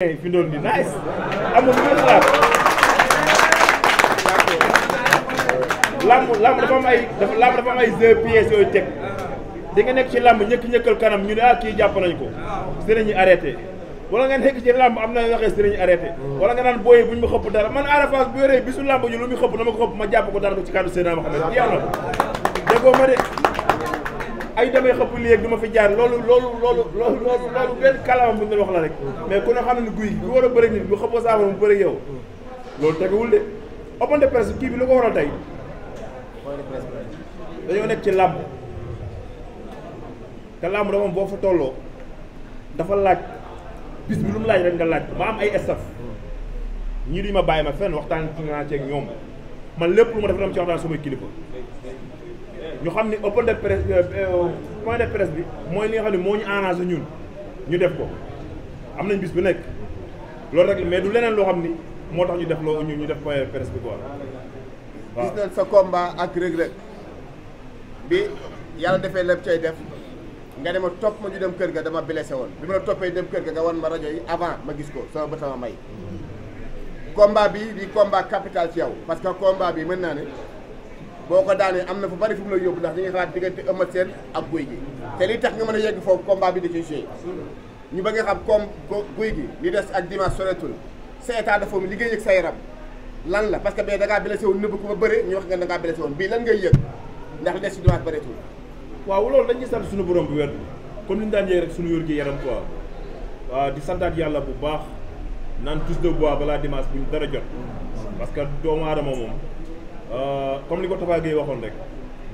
fi doon di nice amul lu ñu xalaat làmb làmb dafa am ay dafa làmb dafa am ay deux pièces yooyu di nga nekk ci làmb ñëkk-ñëkkal kanam ñu ne ah, jàpp nañ ko sëriñ yi arrêté wala nga nekk ci làmb am na waxee sëriñ yi arrêté wala nga naan booyee ma xëpp dara man arafas bu bisu làmb ñu lu muy xëpp dama ko xëpp ma jàpp ko dara ko ci kàddu seen ma xam ne jeex na déggoo ma de ay damay xëpp lii ak du ma fi jaar loolu loolu loolu loolu loolu benn kàllaama bu ñu wax la rek mais ku ne xam ne guy bu war a bëri nit bu xëppoo saafara mu bëri yow loolu tegewul de open de presse kii bi lu ko waral tey dañoo nekk ci làmb te làmb dama boo fa tolloo dafa laaj bis bi lu mu laaj rek nga laaj ma am ay staff ñii duñu ma bàyyi ma fenn waxtaan ci naa ceeg ñoom man lépp lu ma def dama ci waxtaan sumay kilifa ñu xam ni open de presse euh, euh, point de presse bi mooy li xam ne moo ñu arrangé ñun ñu def ko am nañ bis bu nekk loolu rek mais du leneen loo xam ni moo tax ñu def loo ñu ñu def point de presse bi quoi sa combat ak Reug-Reug bi defee lépp cay def nga dem topp ma ñu dem kër ga dama blessé woon bi ma la toppee dem kër ga nga wan ma rajo yi avant ma gis ko sama bët sama may. combat bi di combat capital ci yow parce que combat bii mën naa ne. boo ko daanee am na fu bari fu mu la yóbbu ndax ñu ngi xalaat diggante Eumeu Sène ak Gouye Gui te li tax nga mën a yegg foofu combat bi da ciy ñu bëgg nga comme Gouye Gui li des ak dimanche soreetul sa état de yëg sa yaram lan la parce que bee da ngaa blessé woon nëbb ku ba bëre ñu wax nga da ngaa blessé woon bii lan ngay yëg ndax li des si dimanche bëreetul waaw loolu dañuy sant suñu borom bi wér comme li ñu daan yëg rek suñu wér gi yaram quoi waaw di yàlla bu baax naan tous de bois balaa dimanche buñ jot parce que doomu aadama moom Euh, comme li ko Tafa waxoon rek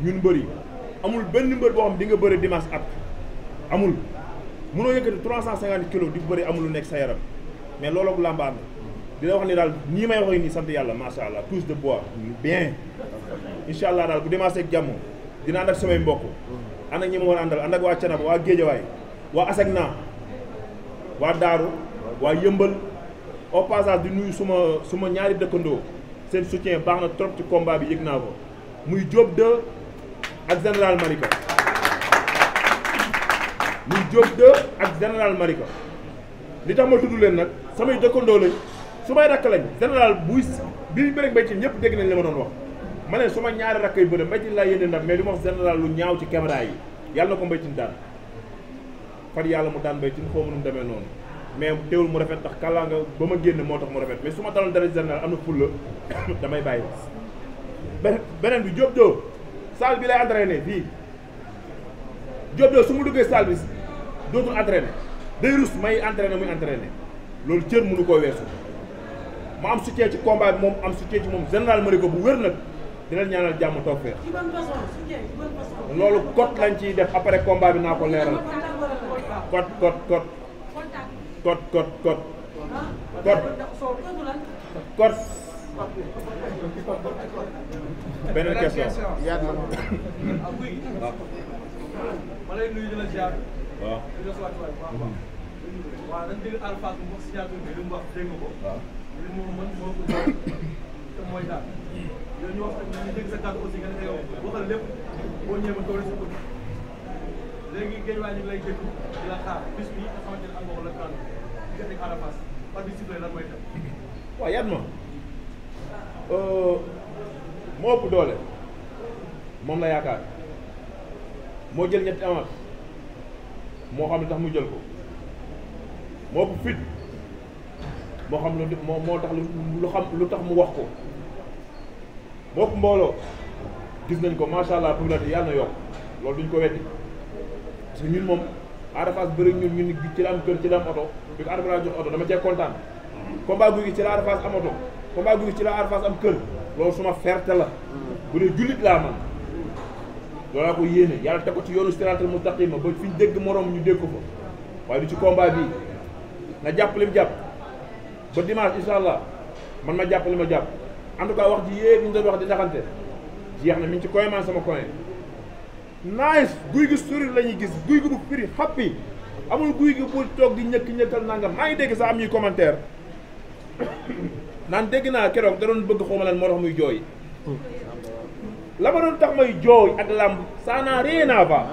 ñun mbëri amul benn mbër boo xam di nga bëri dimanche at amul mënoo yëkkati trois cent cinquante kilos di bëri amul nekk sa yaram mais loolu ak làmb am di wax ni daal nii may waxee nii sant yàlla macha allah tous de bois bien incha allah daal bu dimanche ak jàmm dina ànd ak samay mbokk ànd ak ñi ma war a àndal ànd waa Canaba waa Géejawaay waa Asegna waa Daaru waa Yëmbal au passage di nuyu suma suma ñaari dëkkandoo seen soutien baax na trop ci combat bi yëg naa ko muy Diop 2 ak général Malika muy ak général Malika li tax ma tudd leen nag samay dëkkandoo lañ su may rakk lañ général buy bi bëri mbéy ci ñëpp dégg nañ li ma doon wax ma ne su ma ñaari rakk yu bëri mbéy laa yéene ndam mais li ma wax général lu ñaaw ci caméra yi yàlla na ko mbéy ci daan far yàlla mu daan mbéy ci xaw demee noonu. mais teewul mu rafet ndax kàllaa nga ba ma génn moo tax mu rafet mais su ma daloon dara général am na fulla damay bàyyi beneen bi Diop Diop salle bi lay entraîné fii Diop Diop su mu duggee salle bi dootul entraîné day rus may entraîné muy entraîné loolu cër mënu koo weesu ma am soutien ci combat bi moom am soutien ci moom général ko bu wér nag di leen ñaanal jàmm toog fee loolu code lañ ciy def après combat bi naa ko leeral code code code kot kot kot kot kot beneen question ma lay nuyu di la ziar waaw di la si wàccuwaay ko moo ko te mooy daal yooyu ñu léegi géej waa ñu lay déglu di la xaar bis bi nga xamante ne am nga yaat ma moo ëpp doole moom la yaakaar moo jël ñetti avance moo xam ne tax mu jël ko moo ëpp fit moo xam lu moo moo tax lu xam lu tax mu wax ko moo ëpp mbooloo gis nañ ko macha allah bëgg na te yàlla na yokk loolu duñ ko weddi. parce que ñun moom Ada Fass ñu ñun ñun ci la am kër ci la am oto bi ko Ada jox oto dama cee kontaan combat guy gi ci la Ada Fass am oto combat guy gi ci la Ada am kër loolu suma fierté la bu dee jullit laa man loolu laa ko yéene yàlla teg ko ci yoonu mu siraatal mustaqima ba fi ñu dégg moroom ñu dégg ko fa waaye du ci combat bii na jàpp li mu jàpp ba dimanche incha allah man ma jàpp li ma jàpp en tout cas wax ji yéeg ñu doon wax di naxante jeex na mi ngi ci koy man sama koy nice guy gi sori lañuy gis guy gi bu firi happy amul guy gi bu toog di ñëkk ñëkkal nangam maa ngi dégg sax am ñuy commentaire naan dégg naa keroog da doon bëgg xawma lan moo tax muy jooy la ma doon tax may jooy ak làmb ça n'a rien à voir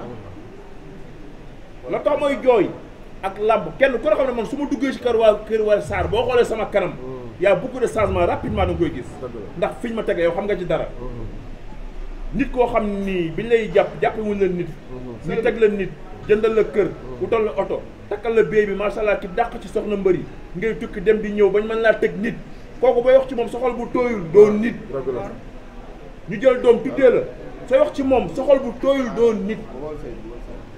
la tax may jooy ak làmb kenn ku ne xam ne man su ma duggee ci kër waa kër waa Sarr boo xoolee sama kanam mm. y a beaucoup changement rapidement da nga koy gis ndax fiñ ma tege yow xam nga ci dara mm-hmm. nit koo xam nii bi lay jàpp jàppe wuñ la nit mhm. ñu teg la nit jëndal la kër wutal la oto takkal la béy bi macha allah ki dàq ci soxla mbër yi ngay tukki dem di ñëw bañ mën laa teg nit kooku bay yox ci moom soxol bu tooyul doon nit ñu jël doom tuddee la sooy wax ci moom soxol bu tooyul doon nit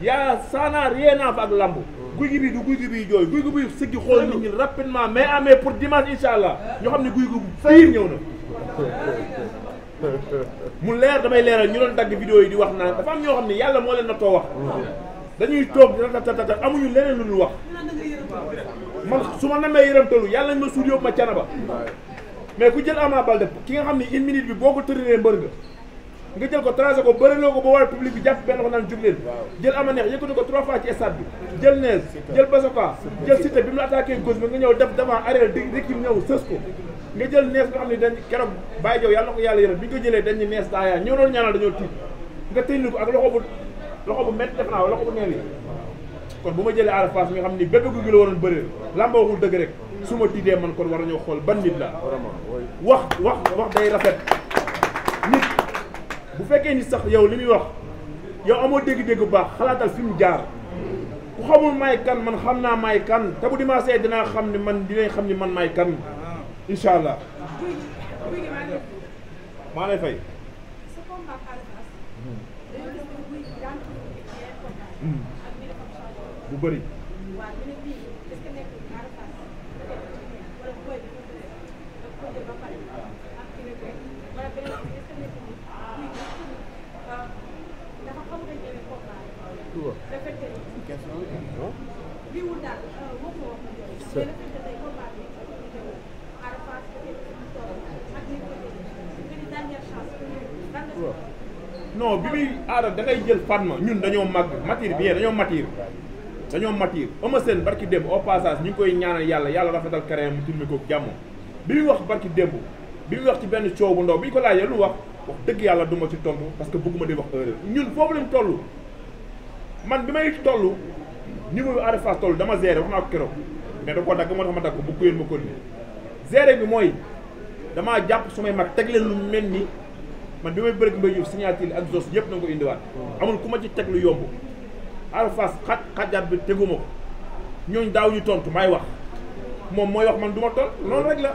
yaa saanaa reenaaf ak lamb mhm. guy gi bii du guy gi bii jooy guy gi bii sëggi xool nit ñi rapidement mais amee pour dimanche incha allah ñoo xam ne guy gi biir ñëw mu leer damay leeral ñu doon dagg vidéo yi di wax naan dafa am ñoo xam ne yàlla moo leen nattoo wax dañuy toog ratatata amuñu leneen lu ñu wax man su ma namee yëramtalu yàlla ma suul yóbbu ma cana ba mais ku jël Ama Baldé ki nga xam ne une minute bi boo ko tërinee mbër nga nga jël ko tracé ko bëreloo ko ba war public bi jàpp benn ko naan jóg leen jël ama neex yëkkati ko trois fois ci stade bi jël nees jël basoka jël cité bi mu la attaqué gauche bi nga ñëw def devant arrière di rékib ñëw ko nga jël nees nga xam ne dañ keroog bàyyi jow yàlla ko yàlla yërëm bi ñu ko jëlee dañ ni nees daa yaa ñoo doon ñaanal dañoo tiit nga tëjlu ko ak loxo bu loxo bu métti def naa loxo bu neen yi kon bu ma jëlee Ada Fass nga xam ni bépp gu la waroon bëree lamba waxul dëgg rek su ma tiitee man kon war a nañoo xool ban nit la wax wax wax day rafet nit bu fekkee ni sax yow li muy wax yow amoo dégg-dégg bu baax xalaatal fi mu jaar ku xamul maay kan man xam naa maay kan te bu dimaasee xam ni man dinañ xam ni man maay kan incha allah. maa lay fay. Hmm. Hmm. bu non bi muy aada da ngay jël Fatma ñun dañoo mag matir bien dañoo matir dañoo matir ama seen barki démb au passage ñu ngi koy ñaanal yàlla yàlla rafetal carré mu turmi ko jàmm bi muy wax barki démb bi muy wax ci benn coow bu ndaw bi ñu ko laajee lu wax wax dëgg yàlla duma ci tontu parce que bëgguma di wax erreur ñun foofu lañ toll man bi may toll niveau bi Ada Fass dama géré wax naa ko keroog mais da koo dagg moo tax ma dagg bu kuyéen ma kon ni géré bi mooy damaa jàpp su may mag teg leen lu mel ni man bi may bëri Mbaye Diouf signature ak Zos yëpp na ko indiwaat. amul ku ma ci teg lu yomb. Arafas xaj xajaat bi teguma ko ñooñu daaw ñu tontu may wax moom mooy wax man du ma tontu loolu rek la.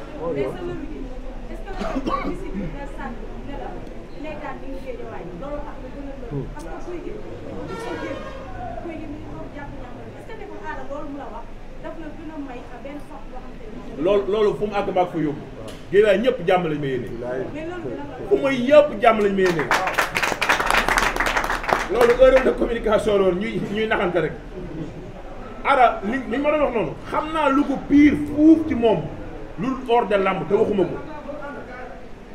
loolu loolu fu mu àgg ba ak fa yóbbu. Guédiawaye ñëpp jàmm lañ ma yéene ku ma yëpp jàmm lañ ma loolu erreur communication loolu ñuy ñuy naxante rek ara li li ma doon wax noonu xam naa lu ko pire fuuf ci moom lu hors de làmb te waxuma ko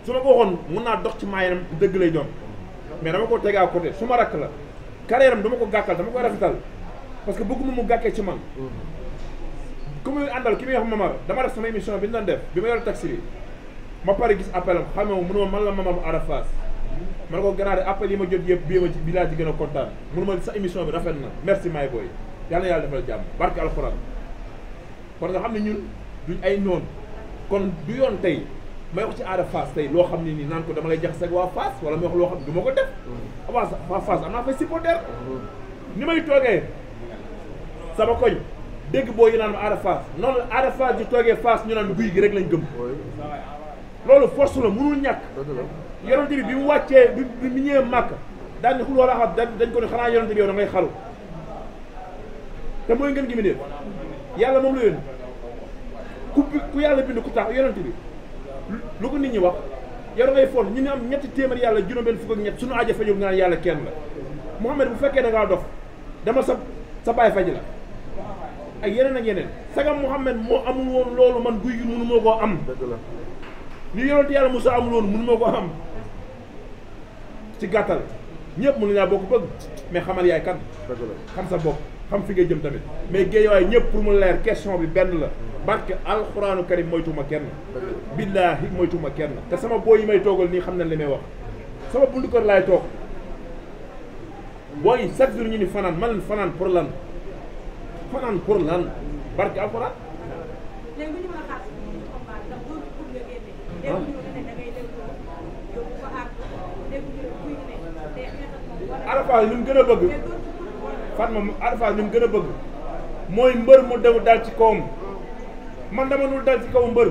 su ma ko waxoon mun naa dox ci maayanam dëgg lay doon mais dama ko teg à su ma rakk la carrière am dama ko gàkkal dama ko rafetal parce que bëgguma mu gàkkee ci man mm-hmm. ku muy àndal ki muy wax mamar dama def sama émission bi ñu doon def bi ma yor taxi bi ma pare gis appel am xamee ma man la ma ne ko gannaaw de appel yi ma jot yëpp bii ma ci bi laa ci gën a kontaan mu ne sa émission bi rafet na merci my boy yàlla na yàlla defal jàmm barke alxuraan kon nga xam ne ñun duñ ay noonu kon du yoon tey may wax ci Ada Fass tey loo xam ne nii naan ko dama lay jaxase ak waa Fass wala may wax loo xam ne du ma ko def avance waa Fass am naa fay supporter ni may toogee sama koñ dégg boo yi naan ma Ada Fass noonu Ada Fass di toogee ñu naan guy rek lañ gëm loolu force la mënul ñàkk yonent bi bi mu wàccee bi mu ñëwee màkk daan ne xul wala dañ ko ne xanaa yonent bi yow da ngay te mooy ngeen gi mu yàlla moom la yónni ku ku yàlla bind ku tax yonent bi lu ko nit ñi wax yow da fool foon ñu ne am ñetti téeméer yàlla juróom benn fukk ak ñett suñu aajo fajul nga naan yàlla kenn la Mouhamed bu fekkee da ngaa dof dama sa sa baay faj la ak yeneen ak yeneen sagam Mouhamed moo amul woon loolu man guy gi mënu moo koo am li yonent yàlla Moussa amul woon mënu ma ko am ci gàttal ñëpp mënu naa bokk bëgg mais xamal yaay kan xam sa bopp xam fi nga jëm tamit mais géejawaay ñëpp pour mu leer question bi benn la barke alxuraanu karim moytuma kenn billaahi moytuma kenn te sama boo yi may toogal nii xam nañ li may wax sama bundu kër laay toog booy chaque jour ñu ni fanaan man fanaan pour lan fanaan pour lan barke alxuraan Arafaas li gën a bëgg Fatma Arafaas li mu gën a bëgg mooy mbër mu dem dal ci kawam man dama dul dal ci kaw mbër.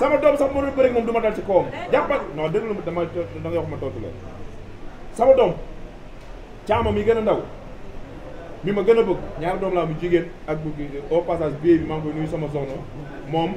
sama doom sax ma dul bëri moom du ma dal ci kawam jàppal non déglu dama da nga wax ma tontu la sama doom caama mi gën a ndaw mi ma gën a bëgg ñaari doom laa mu jigéen ak bu au passage bi maa ngi koy nuyu sama soxna moom.